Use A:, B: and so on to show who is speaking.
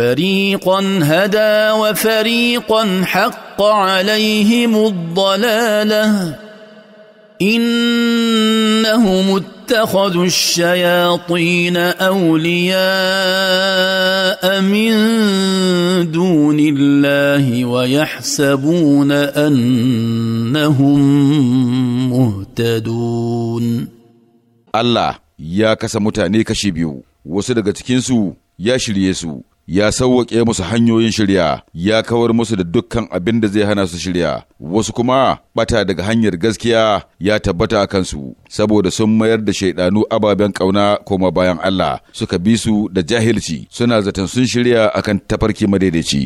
A: فريقا هدى وفريقا حق عليهم الضلاله انهم اتخذوا الشياطين اولياء من دون الله ويحسبون انهم مهتدون
B: الله ya kasa mutane kashi biyu wasu daga cikinsu ya shirye su ya sauwaƙe musu hanyoyin shirya ya kawar musu da dukkan abin da zai hana su shirya wasu kuma ɓata daga hanyar gaskiya ya tabbata a kansu saboda sun mayar da shaidanu ababen ƙauna koma bayan Allah suka bi su da jahilci suna zaton sun shirya akan tafarki madaidaici